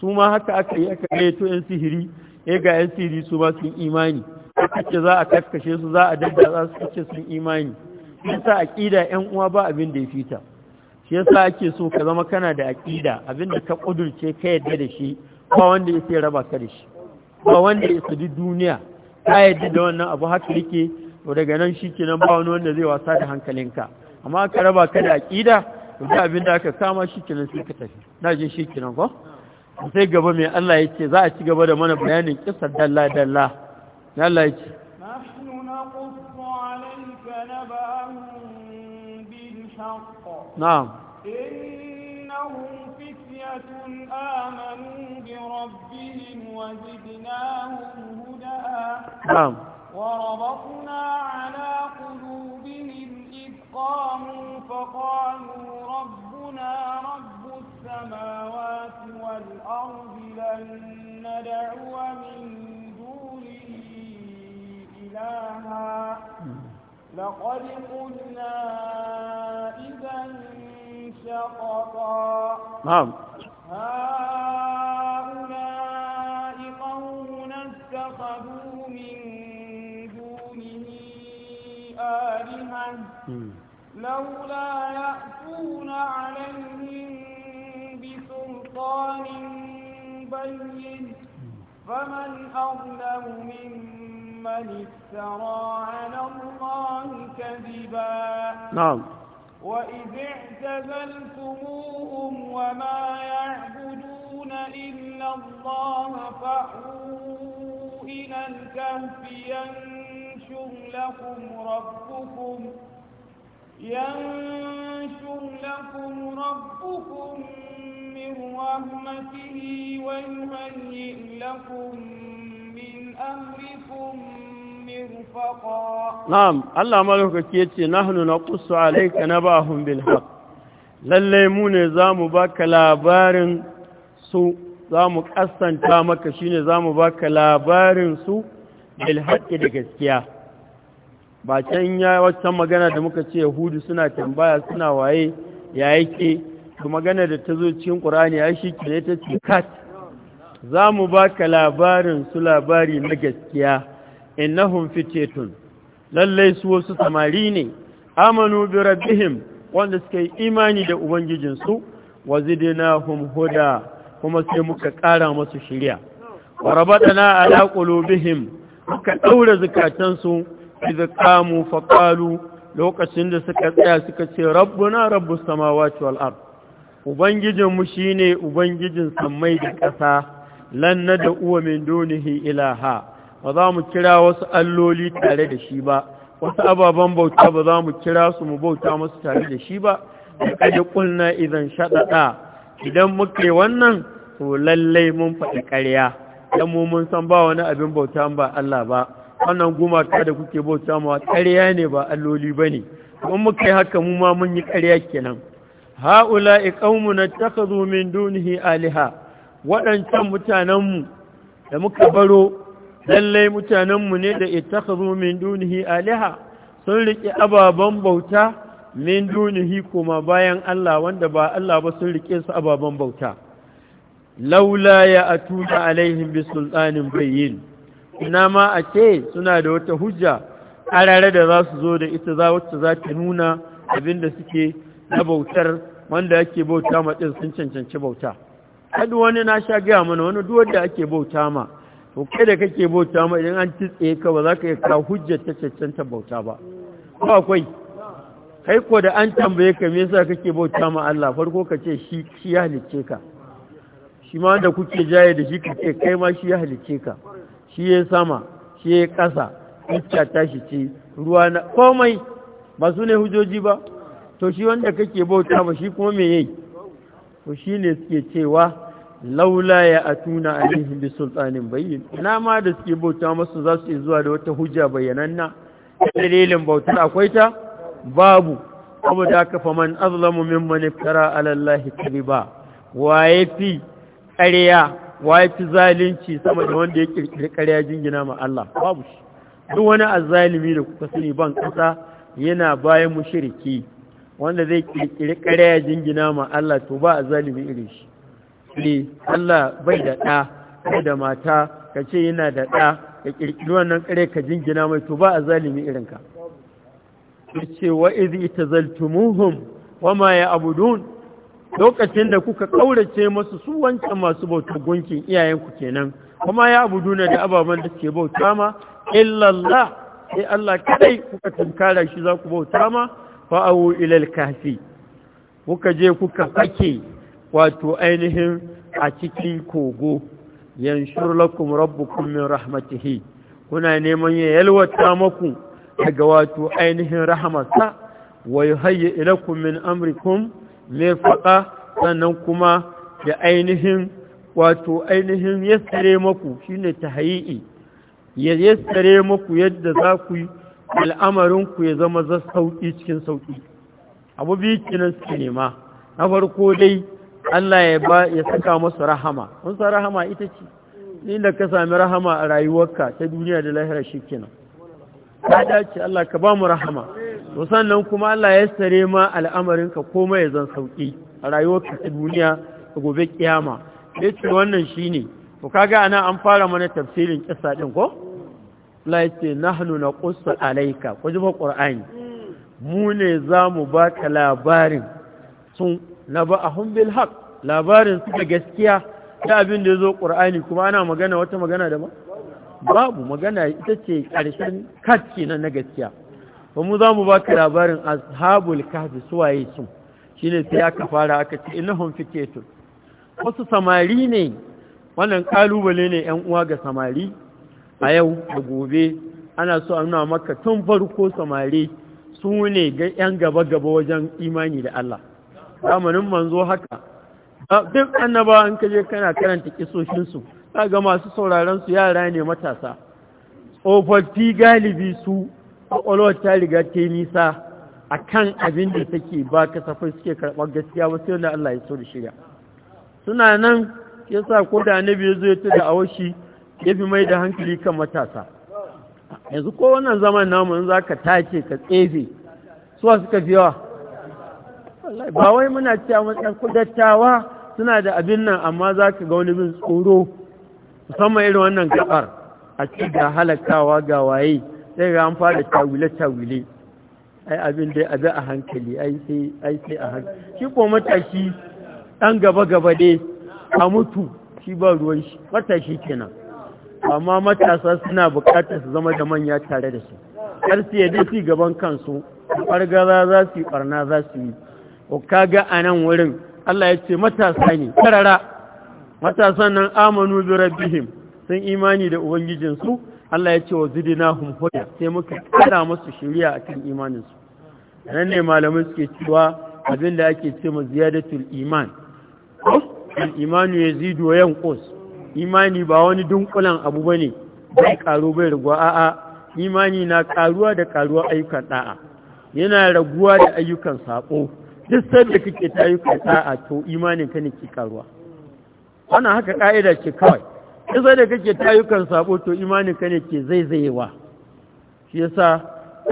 su ma haka aka yi aka reto yan sihiri ya eh, ga yan sihiri su ba su imani aka za a kakkashe su za a dadda za su kace sun imani yasa aqida ƴan uwa ba abin da ya fita shi yasa ake so ka zama kana da aqida abin da ka kudurce ka yadda da shi ba wanda ya sai raba ka da shi ba wanda ya sadi duniya ka yadda da wannan abu haka yake to daga nan shikenan ba wani wanda zai wasa da hankalinka amma ka raba ka da aqida to da abin da aka kama shikenan sai ka tafi na jin shikenan ko sai gaba mai Allah ya ce za a ci gaba da mana bayanin kisar dalla dalla Allah ya ce الحق نعم إنهم فتية آمنوا بربهم وزدناهم هدى نعم وربطنا على قلوبهم إذ قاموا فقالوا ربنا رب السماوات والأرض لن ندعو من دونه إلها لقد قلنا إذا سقطا نعم هؤلاء قوم اتخذوا من دونه آلهة لولا يأتون عليهم بسلطان بين فمن أظلم ممن من افترى على الله كذبا نعم وإذ اعتزلتموهم وما يعبدون إلا الله فأووا إلى الكهف ينشر لكم ربكم ينشر لكم ربكم من رحمته ويهيئ لكم Na’am, Allah malukaki ya ce, Nahnu na kusa alaika na ba hun bilhaf, lallai mu ne za mu ba ka labarin su za mu ƙasanta maka shi ne za mu ba ka labarin su bilhaf da gaskiya. Ba can ya wata magana da muka ce Yahudu suna tambaya suna waye ya yake, magana da ta zo cikin ƙurani ya shi kire ta Kat. za mu ba ka labarin su labari na gaskiya innahum fitetun lallai su wasu samari ne amanu bi rabbihim wanda suka yi imani da ubangijinsu wa zidnahum huda kuma sai muka ƙara masu shirya wa rabatana ala qulubihim muka daura zakatansu idza qamu faƙalu lokacin da suka tsaya suka ce rabbuna rabbus samawati wal ard ubangijinmu shine ubangijin sammai da ƙasa lan nada da uwa min dunihi ilaha ba za mu kira wasu alloli tare da shi ba wasu ababen bauta ba za mu kira su mu bauta masu tare da shi ba da kaji kulna idan shaɗaɗa idan muke wannan to lallai mun faɗi ƙarya dan mu mun san ba wani abin bauta ba Allah ba wannan gumaka da kuke bauta ma ƙarya ne ba alloli ba ne kuma muka yi haka mu ma mun yi ƙarya kenan ha'ula'i qaumuna takhadhu min dunihi aliha waɗancan mutanenmu da muka baro lallai mutanenmu ne da ittakhadhu min dunihi aliha sun riƙe ababen bauta min dunihi kuma bayan Allah wanda ba Allah ba sun riƙe su ababen bauta laula ya atuna alaihim bi sultanin bayyin ina ma a ce suna da wata hujja arare da za su zo da ita za wacce za ta nuna abinda suke na bautar wanda yake bauta matsin sun cancanci bauta had wani na sha gaya mana wani duwar da ake bauta ma to kai da kake bauta ma idan an titse ka ba za ka iya kawo ta bauta ba ko akwai kai ko da an tambaye ka me yasa kake bauta ma Allah farko ka ce shi shi ya halicce ka shi ma wanda kuke jaye da shi ka ce kai ma shi ya halicce ka shi ya sama shi ya ƙasa ita tashi ce ruwa na komai ba su ne hujjoji ba to shi wanda kake bauta ba shi kuma me yayi to shi ne suke cewa laula ya atuna alaihim sultani sultanin bayyin ina ma da suke bauta masu za su yi zuwa da wata hujja bayyananna dalilin bautar akwai ta babu saboda haka faman azlamu mimman iftara ala Allah kadiba waye fi ƙarya waye fi zalunci sama da wanda ya kirkiri ƙarya jingina ma Allah babu shi duk wani azzalimi da kuka sani ban ƙasa yana bayan mushriki wanda zai kirkiri ya jingina ma Allah to ba a zalimi irin shi ne eh, Allah bai da ɗa kai da mata ka ce yana da ɗa ka kirkiri wannan kare ka jingina mai to ba a zalimi irin ka ya ce wa izi ita zaltumuhum wa ma ya abudun lokacin da kuka ƙaurace masu su wancan masu bautu gunkin iyayenku kenan kuma ya abuduna da ababen da ke bauta ma illallah sai Allah kadai kuka tunkara shi za ku bauta ma fa'awu ilal kafi kuka je kuka fake wato ainihin a cikin kogo yanshur lakum rabbukum min rahmatihi kuna neman ya yalwata maku daga wato ainihin rahamarsa wa ilakumin ilakum min amrikum faɗa sannan kuma da ainihin wato ainihin maku shi shine ta ya yassare maku yadda za ku yi al'amarinku ya zama za sauƙi cikin sauƙi abu biyu kinan suke nema na farko dai Allah ya saka masu rahama mun rahama ita ce inda ka sami rahama a rayuwarka ta duniya da lahira shi kenan ya dace Allah ka ba mu rahama to sannan kuma Allah ya sare ma al'amarinka komai ya zan sauƙi a rayuwarka ta duniya da gobe kiyama ce wannan shi ne? to kaga ana an fara mana tafsirin kisa din ko Allah ce nahnu na ƙusa alaika ku ji ƙur'ani mu ne za mu ba ka labarin sun na ba a humbil haq labarin suka gaskiya ta abin da ya zo ƙur'ani kuma ana magana wata magana da ba babu magana ita ce ƙarshen kat na na gaskiya ba mu za mu ba ka labarin ashabul kahfi suwaye sun shi ne sai aka fara aka ce innahum fikatun wasu samari ne wannan kalubale ne 'yan uwa ga samari a yau da gobe ana so a nuna maka tun farko samari su ne 'yan gaba-gaba wajen imani da Allah zamanin manzo haka duk annaba an kaje kana karanta kisoshinsu ga masu sauraron su yara ne matasa tsofaffi galibi su ƙwaƙwalwar ta riga ta yi nisa a kan abin da take ba kasafai suke karɓar gaskiya ba sai wanda Allah ya so da shirya suna nan yasa ko da annabi ya zo ya ta da awashi ya fi mai da hankali kan matasa yanzu ko wannan zaman namun za ka tace ka tsefe suwa suka fi yawa ba wai muna cewa matsayin kudattawa suna da abin nan amma za ka ga wani bin tsoro musamman irin wannan gabar a ci da halakawa ga waye sai ga an fara tawile-tawile ai abin dai abin a hankali ai sai a hankali shi ko matashi ɗan gaba-gaba dai a mutu shi ba ruwan shi matashi kenan amma matasa suna bukatar su zama da manya tare da su har su yadda su gaban kansu fargaza za su yi barna za su yi kaga a nan wurin Allah ya ce matasa ne karara matasan nan amanu bi rabbihim sun imani da ubangijinsu Allah ya ce wa zidinahum huda sai muka kara musu shiriya akan imaninsu nan ne malamai suke cewa abin da ake ce ma ziyadatul iman al imanu yazidu wa yanqus imani ba wani dunkulan abu ba ne bai ƙaru bai raguwa a'a imani na ƙaruwa da karuwa ayyukan ɗa'a yana raguwa da ayyukan saƙo duk sanda kake ta ayyukan ɗa'a to imanin ka ne ke ƙaruwa wannan haka ƙa'ida ce kawai duk sanda kake ta ayyukan saƙo to imanin ka ne ke zaizayewa shi yasa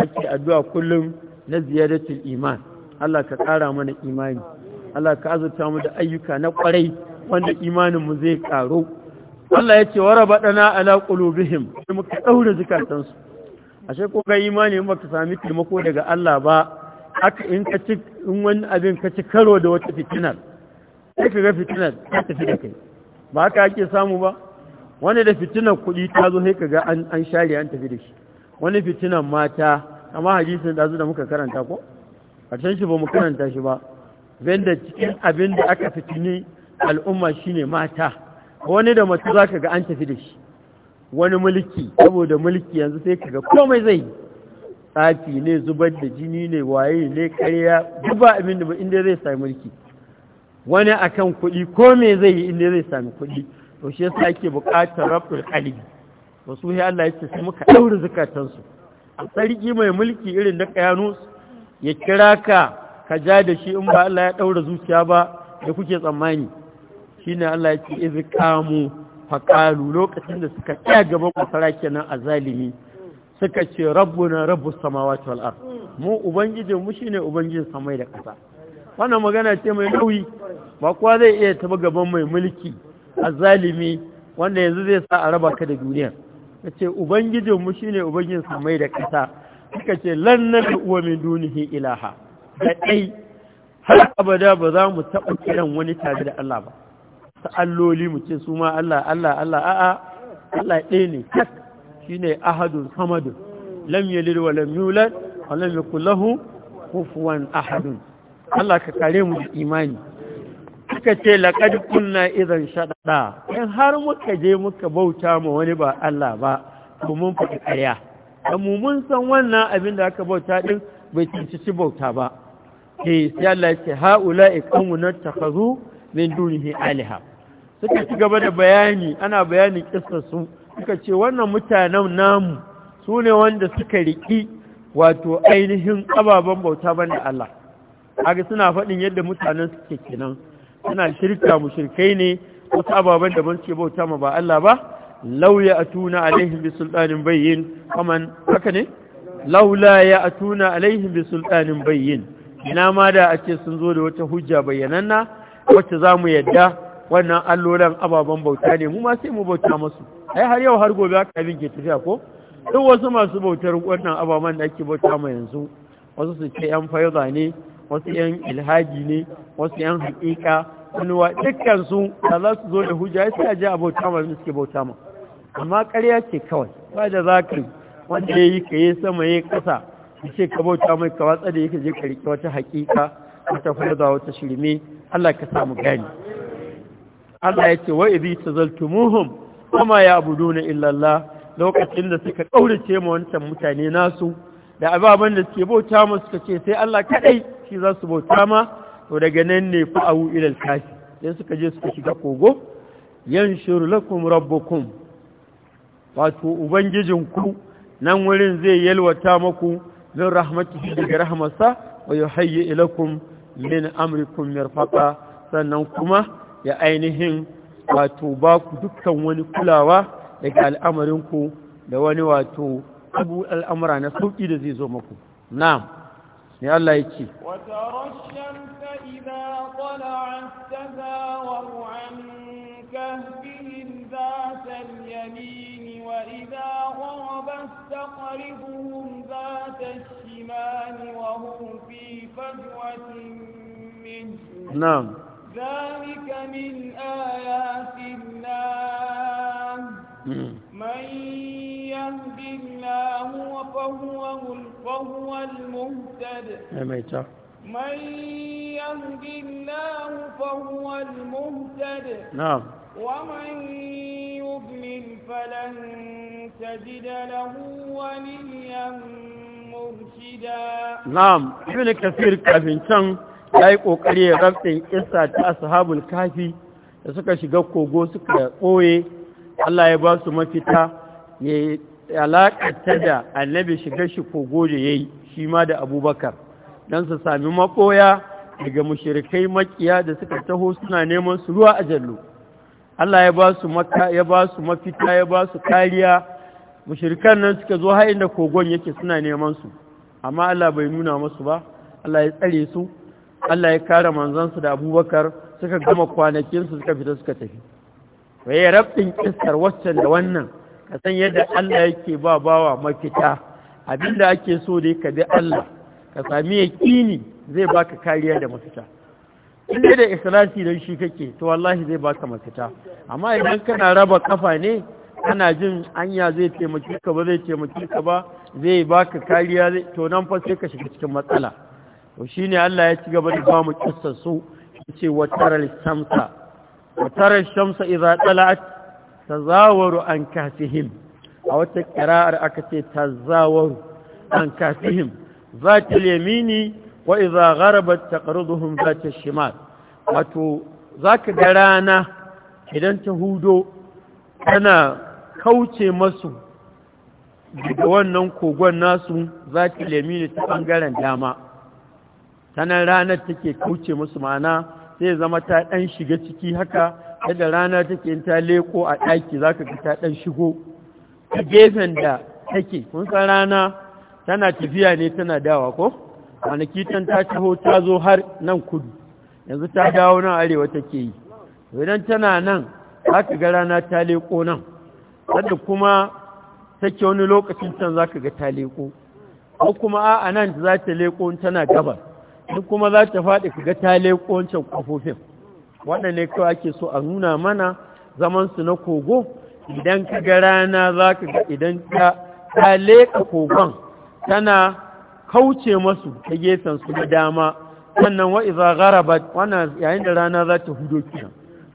ake addu'a kullum na ziyaratul iman Allah ka ƙara mana imani Allah ka azurta mu da ayyuka na ƙwarai wanda imaninmu zai ƙaru Allah ya ce wara baɗana ala ƙulubihim sai muka ɗaure a shi ko ga imani ba ka sami taimako daga Allah ba aka in ka ci in wani abin ka ci karo da wata fitinar sai ka ga fitinar ta tafi da kai ba haka ake samu ba wani da fitinar kuɗi ta zo sai ka ga an share an tafi da shi wani fitinar mata amma hadisin da da muka karanta ko can shi ba mu karanta shi ba banda cikin abin da aka fitini al'umma shine mata wani da mace za ka ga an tafi da shi wani mulki saboda mulki yanzu sai ka ga komai zai yi tsafi ne zubar da jini ne waye ne karya duba ba abin da inda zai sami mulki wani akan kuɗi ko zai yi inda zai sami kuɗi to shi yasa ake buƙatar rabbul qalbi wasu hi Allah yake su muka su. A sarki mai mulki irin da kayanus ya kira ka ka ja da shi in ba Allah ya daura zuciya ba da kuke tsammani shine Allah ya ce izi kamu faƙalu lokacin da suka tsaya gaban masara kenan a zalimi suka ce rabu na rabu samawa ard mu ubangijin mu shine ubangijin samai da ƙasa wannan magana ce mai nauyi ba kowa zai iya taba gaban mai mulki a zalimi wanda yanzu zai sa a raba ka da duniya ce ubangijin mu shine ubangijin samai da ƙasa suka ce lan uwa min dunihi ilaha da ɗai har abada ba za mu taɓa kiran wani tare da Allah ba alloli mu ce su ma Allah Allah Allah a'a Allah ɗaya ne shi ne ahadun Hamadun, lam yalid wa lam yulad wa lam yakul lahu kufuwan ahadun Allah ka kare mu da imani Suka ce laqad kunna izan shaɗaɗa, ɗan har muka je muka bauta ma wani ba Allah ba to mun faɗi ƙarya da mu mun san wannan abin da aka bauta din bai cancanci bauta ba Ke, eh, sai Allah ya ce ha'ula'i na takhazu min dunihi aliha suka ci gaba da bayani ana bayanin kissar su suka ce wannan mutanen namu su ne wanda suka riki wato ainihin ababen bauta banda Allah aga suna faɗin yadda mutanen suke kenan suna shirka mushirkai ne wasu ababen da ban suke bauta ma ba Allah ba lauya atuna alaihim bi sultanin bayyin kaman haka ne laula ya atuna alaihim bi sultanin bayyin ina ma da ake sun zo da wata hujja bayyananna wacce za mu yadda wannan allolan ababen bauta ne mu ma sai mu bauta masu ai har yau har gobe haka abin ke tafiya ko duk wasu masu bautar wannan ababen da ake bauta ma yanzu wasu su ce yan faiza ne wasu yan ilhaji ne wasu yan haƙiƙa wani wa dukkan da za su zo da hujja sai a je a bauta ma suke bauta ma amma ƙarya ce kawai ba da za ka wanda ya yi ka yi sama ya ƙasa ka ce ka bauta mai ka watsa da yake je ka riƙe wata haƙiƙa wata faiza wata shirme Allah ka samu gani Allah ya ce wa idhi tazaltumuhum kuma ya'buduna na Allah lokacin da suka kaurace mu wancan mutane nasu da ababen da suke bauta mu suka ce sai Allah kadai shi za su bauta ma to daga nan ne fa'u ila al-kafi sai suka je suka shiga kogo yanshur lakum rabbukum wato ubangijinku nan wurin zai yalwata muku min rahmatihi daga rahmarsa wa yuhayyi ilakum min amrikum mirfaqa sannan kuma ya ainihin wato ba ku dukkan wani kulawa daga al'amarinku da wani wato abu al'amura na sauƙi da zai zo maku na'am ne Allah ya ce وإذا غَرَبَتْ تَقْرِضُهُمْ ذات الشمال وهم في فجوة منه نعم ذلك من آيات الله من يهد الله فهو فهو المهتد من يهد الله فهو المهتد نعم ومن يضلل فلن تجد له وليا مرشدا نعم ابن كثير كافين كان ya yi ƙoƙari ya rafin ƙisa ta ashabul kafi da suka shiga kogo suka ɓoye Allah ya ba su mafita ya alaƙata da annabi shiga shi kogo da ya yi shi ma da abubakar don su sami maɓoya daga mushirikai makiya da suka taho suna neman su ruwa a Jallu. Allah ya ba su maka ya ba su mafita ya ba su kariya mushrikan nan suka zo har inda kogon yake suna neman su amma Allah bai nuna musu ba Allah ya tsare su Allah ya kare manzansu da Abubakar suka gama kwanakin su suka fita suka tafi waye rabbin kissar waccan da wannan ka san yadda Allah yake ba bawa mafita abinda ake so dai ka bi Allah ka sami yaƙini zai baka kariya da mafita in dai da ikhlasi don shi kake to wallahi zai baka mafita amma idan kana raba kafa ne ana jin anya zai taimaki ka ba zai taimaki ka ba zai baka kariya zai to nan fa sai ka shiga cikin matsala to shine Allah ya ci gaba da ba mu kissar su yace wa shamsa wa shamsa idza talat tazawaru an kafihim a wata qira'ar aka ce tazawaru an kafihim zatil yamini wa iza gharabat taqriduhum zata shimal wato zaka ga rana idan ta hudo tana kauce masu daga wannan kogon nasu zaki lamini ta bangaren dama tana ranar take kauce musu mana sai zama ta dan shiga ciki haka yadda rana take in ta leko a ɗaki zaka ga ta dan shigo a gefen da take kun san rana tana tafiya ne tana dawa ko kwanaki can ta taho ta zo har nan kudu yanzu ta dawo nan arewa take yi idan tana nan za ga rana ta leko nan wadda kuma take wani lokacin can za ka ga ta leko ko kuma a nan za ta leko tana gabar duk kuma za ta faɗi ka ga ta leko wancan kafofin waɗanne kawai ake so a nuna mana zamansu na kogo idan ka ga rana za ka ga idan ta leƙa kogon tana kauce masu ta gefen su da dama sannan wa iza wannan yayin da rana za ta hudo kenan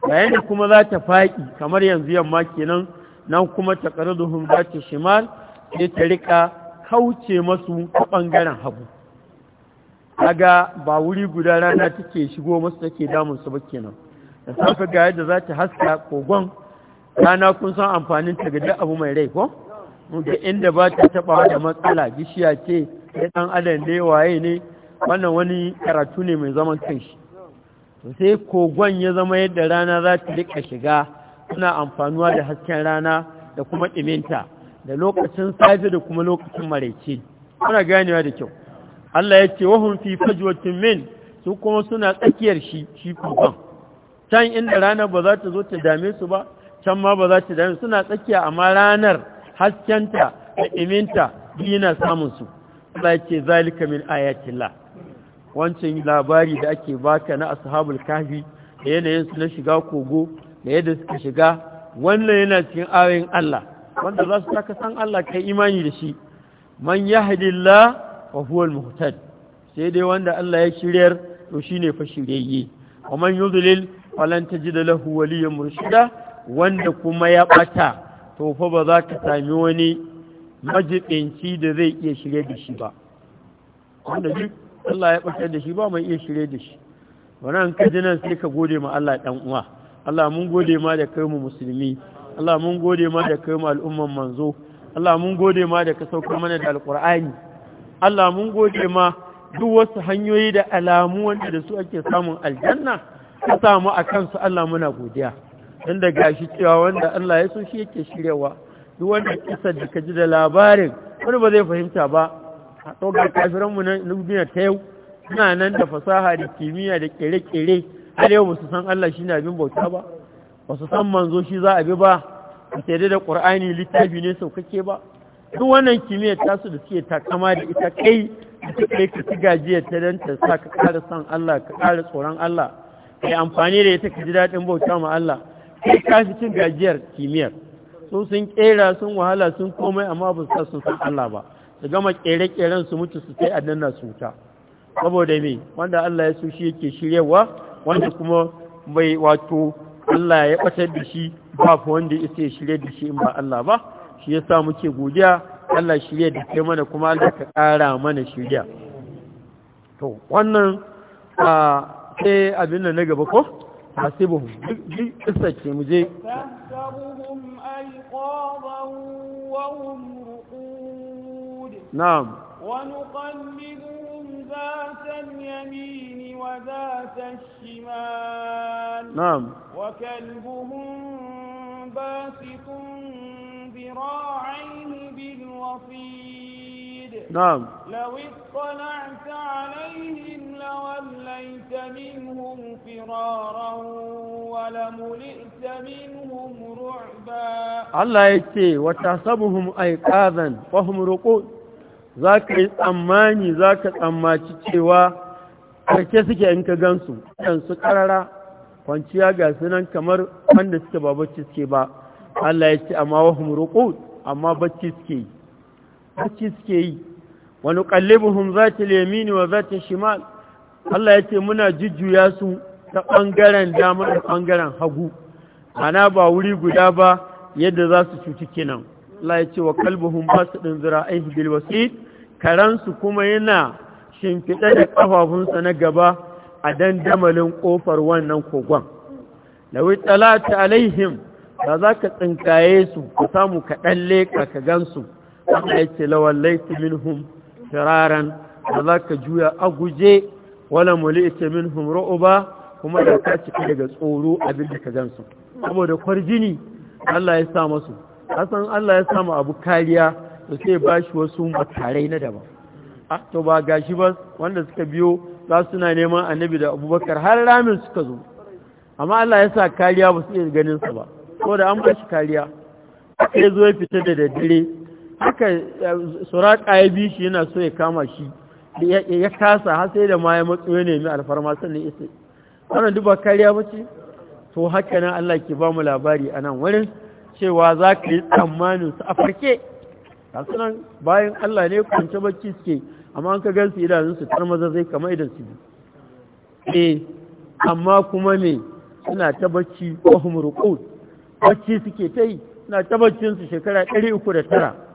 yayin da kuma za ta faƙi kamar yanzu yamma kenan nan kuma ta qarduhum ta shimal sai ta rika kauce masu ta bangaren hagu kaga ba wuri guda rana take shigo masu take damun su ba kenan da safe ga yadda za ta haska kogon rana kun san amfanin ta ga abu mai rai ko da inda ba ta taba da matsala bishiya ce sai ɗan adam ya waye ne wannan wani karatu ne mai zaman kanshi sai kogon ya zama yadda rana za ta rika shiga suna amfanuwa da hasken rana da kuma ɗiminta da lokacin safe da kuma lokacin maraice Suna ganewa da kyau Allah ya ce wahun fi fajwatin min su kuma suna tsakiyar shi shi kogon can inda rana ba za ta zo ta dame su ba can ma ba za ta dame suna tsakiya amma ranar haskenta da ɗiminta biyu na samun su Allah yake zalika min ayatillah wancan labari da ake baka na ashabul kahfi da yanayin su na shiga kogo da yadda suka shiga wannan yana cikin ayoyin Allah wanda za su taka san Allah kai imani da shi man yahdillah wa huwa al-muhtad sai dai wanda Allah ya shiryar to shine fa shiryayye wa man yudlil falan tajid lahu waliyyan murshida wanda kuma ya bata to fa ba za ka sami wani majibinci da zai iya shirye da shi ba wanda duk Allah ya ɓatar da shi ba mai iya shirye da shi wannan ka ji nan sai ka gode ma Allah ɗan uwa Allah mun gode ma da kai mu musulmi Allah mun gode ma da kai mu al'umman manzo Allah mun gode ma da ka saukar mana da alƙur'ani Allah mun gode ma duk wasu hanyoyi da alamu wanda da su ake samun aljanna ka samu a kansu Allah muna godiya dan da gashi cewa wanda Allah ya so shi yake shiryawa duk wanda kisar da ka ji da labarin wani ba zai fahimta ba a tsogar mu na duniya ta yau suna nan da fasaha da kimiyya da kere-kere har yau ba su san Allah shi ne abin bauta ba ba su san manzo shi za a bi ba a sai da ƙur'ani littafi ne saukake ba duk wannan kimiyyar tasu da suke takama da ita kai da ta kai ka ci gajiyar ta don ta sa ka ƙara san Allah ka ƙara tsoron Allah kai amfani da ita ka ji daɗin bauta ma Allah kai ka fi cin gajiyar kimiyyar su sun kera sun wahala sun komai amma ba su sun san Allah ba su gama kere-keren su mutu su sai a su wuta saboda me wanda Allah ya so shi yake shiryawa wanda kuma bai wato Allah ya batar da shi ba fa wanda ya sai shirye da shi in ba Allah ba shi ya sa muke godiya Allah shirye da kai mana kuma Allah ka ƙara mana shirya to wannan a sai abin da na gaba ko hasibuhum duk duk ce mu je أيقاظا وهم رقود نعم ونقلبهم ذات اليمين وذات الشمال نعم وكلبهم باسط ذراعين بالوصيد بعيد نعم لو اطلعت عليهم لوليت منهم فرارا ولملئت منهم رعبا الله يتي وتحسبهم ايقاظا وهم رقود ذاك اماني ذاك اماتي cewa karke suke in ka gansu kan su karara kwanciya ga sunan kamar wanda suke ba bacci suke ba Allah ya ce amma wahum ruqud amma bacci suke yi haki suke yi wani nuqallibuhum zati al-yamin wa zati shimal Allah ya ce muna jujjuya su ta ɓangaren damar da ɓangaren hagu ana ba wuri guda ba yadda za su cuci kinan. Allah ya ce wa qalbuhum ɗin zira, aiki wasit karansu kuma yana shimfiɗe da ƙafafunsa na gaba a dandamalin ƙofar wannan kogon. Lawi talata alaihim da za ka tsinkaye su ka samu kaɗan leƙa ka gansu Allah ya lawan lawallaiti minhum firaran da za ka juya a guje wala mulita minhum ba, kuma da ka cika daga tsoro abin da ka gansu saboda kwarjini Allah ya sa masu asan Allah ya samu abu kariya da sai ba wasu matarai na daban to ba gashi ba wanda suka biyo za su na neman annabi da abubakar har ramin suka zo amma Allah ya sa kariya ba su iya ganin sa ba ko da an bashi shi kariya sai zo ya fita da daddare haka suraka ya bi shi yana so ya kama shi ya kasa har sai da ma ya matso ne nemi alfarma sannan isa wannan duba kariya ba to haka nan Allah ke ba mu labari anan nan wurin cewa za ka yi tsammanin su a farke a bayan Allah ne kwance bacci suke amma an ka gansu idanun su tar maza zai kama idan su eh amma kuma me suna ta bacci ko hum bacci suke ta yi suna ta baccin su shekara 309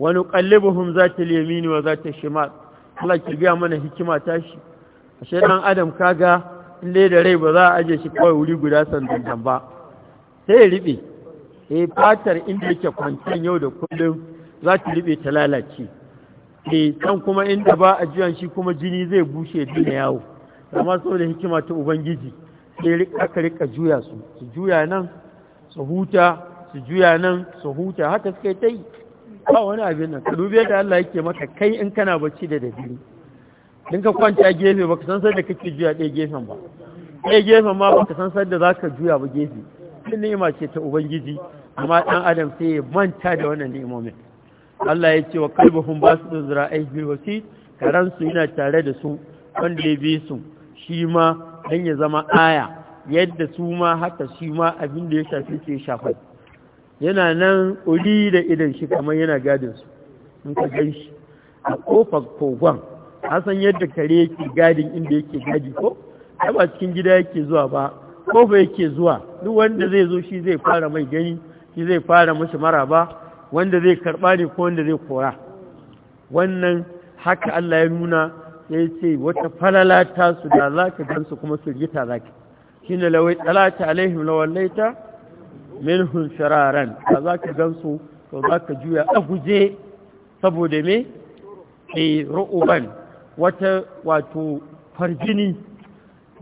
wani ƙallibuhun za ta lemini wa za ta shimal Allah ki biya mana hikima tashi a shaidan adam kaga inda da rai ba za a aje shi kawai wuri guda sandandan ba sai riɓe eh fatar inda yake kwanciyar yau da kullum za ta riɓe ta lalace eh kan kuma inda ba a jiyan shi kuma jini zai bushe dina yawo amma da hikima ta ubangiji sai aka rika juya su su juya nan su huta su juya nan su huta haka suka yi ta yi ba wani abin nan ka dubi da Allah yake maka kai in kana bacci da daddare din ka kwanta gefe baka san sai da kake juya ɗaya gefen ba ɗaya gefen ma baka san sai da zaka juya ba gefe din ni'ima ce ta ubangiji amma dan adam sai ya manta da wannan ni'imomin Allah ya ce wa kalbuhum basu zira'ai bil wasi karan su yana tare da su wanda ya bi su shi ma dan ya zama aya yadda su ma haka shi ma abin da ya shafi ke shafai yana nan uri da idan shi kamar yana gadin su in ka gan shi a kofar kogon san yadda kare yake gadin inda yake gadi ko ai ba cikin gida yake zuwa ba kofa yake zuwa duk wanda zai zo shi zai fara mai gani shi zai fara mashi mara ba, wanda zai karba ne ko wanda zai kora wannan haka Allah ya nuna ya ce wata falala ta su da za ka gansu kuma su rigita za ka shi ne lawai tsalata alaihim lawallaita minhum shararan ba za ka gansu to za ka juya a guje saboda me a ru'uban wata wato farjini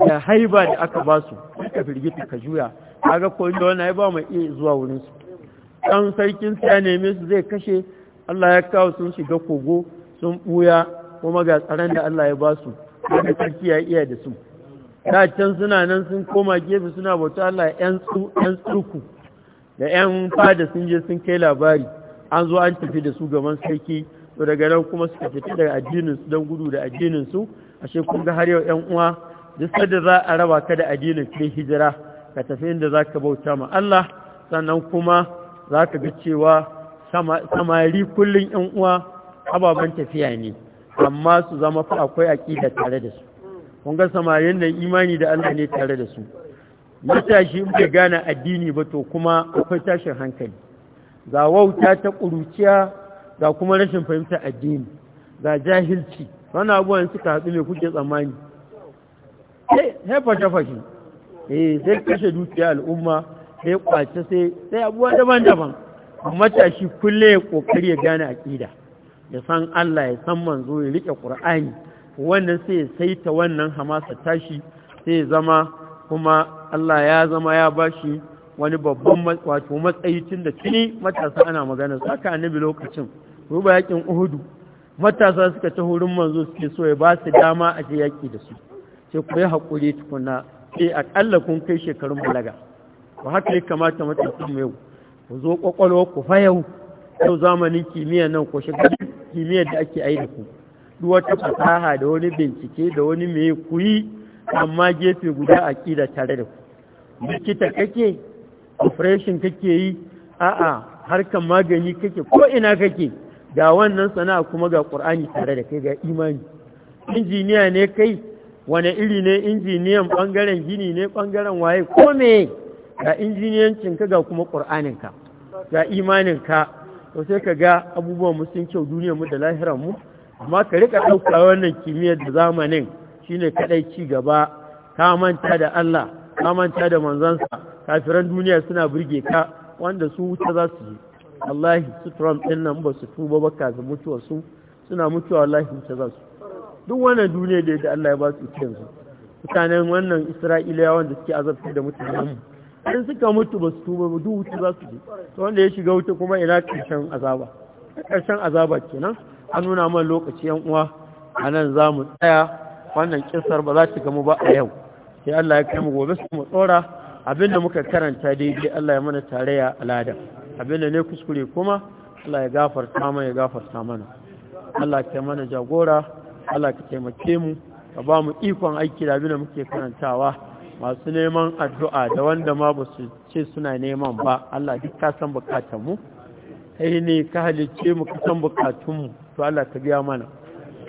da haiba da aka ba su ka firgita ka juya ga ko inda wani ba mai iya zuwa wurin su ɗan sarkin ya neme su zai kashe Allah ya kawo sun shiga kogo sun ɓuya kuma ga tsaron da Allah ya ba su wani sarki ya iya da su da can suna nan sun koma gefe suna bauta Allah ‘yan tsurku da 'yan fada sun je sun kai labari an zo an tafi da su gaban sarki to daga nan kuma suka fita daga addininsu don gudu da addininsu ashe kun ga har yau 'yan uwa duk sadar za a raba ka da addinin kai hijira ka tafi inda za ka bauta ma Allah sannan kuma za ka ga cewa samari kullum 'yan uwa ababen tafiya ne amma su zama fa akwai aƙida tare da su kun ga samarin nan imani da Allah ne tare da su matashi bai gane addini ba to kuma akwai tashin hankali ga wauta ta ƙuruciya ga kuma rashin fahimtar addini ga jahilci wani abuwan suka haɗu mai kuke tsammani sai fashe-fashe eh sai kashe dukiya al'umma sai kwace sai sai abuwa daban-daban matashi kulle ya ƙoƙari ya gane aƙida ya san Allah ya san manzo ya riƙe ƙur'ani wannan sai ya saita wannan hamasa tashi sai ya zama kuma Allah ya zama ya ba shi wani babban wato matsayi tun da tuni matasa ana magana saka annabi lokacin ruba yakin uhudu matasa suka ta hurin manzo suke so ya ba su dama a je yaki da su sai ku yi hakuri tukuna sai akalla kun kai shekarun balaga ba haka ya kamata matasan yau ku zo kwakwalwa ku fa yau yau zamanin kimiyya nan ko shiga kimiyyar da ake aiki ku duk wata fasaha da wani bincike da wani mai kuyi amma gefe guda a ƙida tare da ku likita kake operation kake yi a'a harkan magani kake ko ina kake ga wannan sana'a kuma ga ƙur'ani tare da kai ga imani injiniya ne kai wane iri ne injiniyan ɓangaren gini ne ɓangaren waye ko me ga ka ga kuma ƙur'aninka ga imaninka to sai ka ga abubuwan mu sun kyau duniyarmu da lahirarmu amma ka riƙa ɗauka wannan kimiyyar da zamanin shine kaɗai ci gaba ka manta da Allah ka manta da manzansa kafiran duniya suna burge ka wanda su wuta za su yi wallahi su Trump ɗin nan ba su tuba ba kafin mutuwar su suna mutuwa wallahi wuce za su duk wannan duniya da yadda Allah ya ba su yanzu mutanen wannan Isra'ila wanda suke azabtar da mutanen in suka mutu ba su tuba ba duk wuta za su je to wanda ya shiga wuta kuma ina ƙarshen azaba Ƙarshen azaba kenan an nuna man lokaci yan uwa a nan za mu tsaya wannan kisar ba za ta gamu ba a yau sai Allah ya kai mu gobe su mu tsora abinda muka karanta daidai Allah ya mana tarayya alada abinda ne kuskure kuma Allah ya gafarta mana ya gafarta mana Allah ya mana jagora Allah ka taimake mu ka ba mu ikon aiki da abinda muke karantawa masu neman addu'a da wanda ma ba su ce suna neman ba Allah duk ka san bukatun mu kai ne ka halicce mu ka san bukatun mu to Allah ka biya mana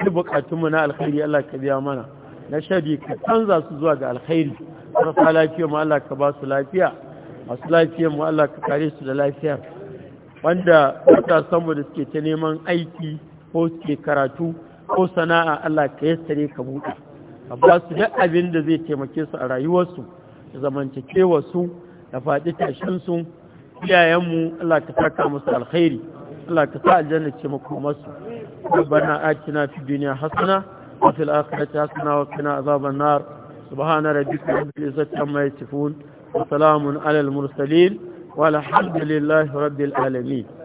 duk bukatunmu na alkhairi Allah ka biya mana na shari ka canza su zuwa ga alkhairi marasa lafiya mu Allah ka ba su lafiya masu lafiya mu Allah ka kare su da lafiya wanda matasanmu da suke ta neman aiki ko suke karatu ko sana'a Allah ka yassare ka buɗe ka ba su duk abin da zai taimake su a rayuwarsu da zamantakewarsu da faɗi tashensu iyayenmu Allah ka taka musu alkhairi Allah ka sa aljanna ce makomarsu rabbana atina fid dunya hasana wa fil akhirati hasana wa qina azaban nar subhana rabbika rabbil izzati amma yasifun wa salamun alal mursalin والحمد لله rabbil alamin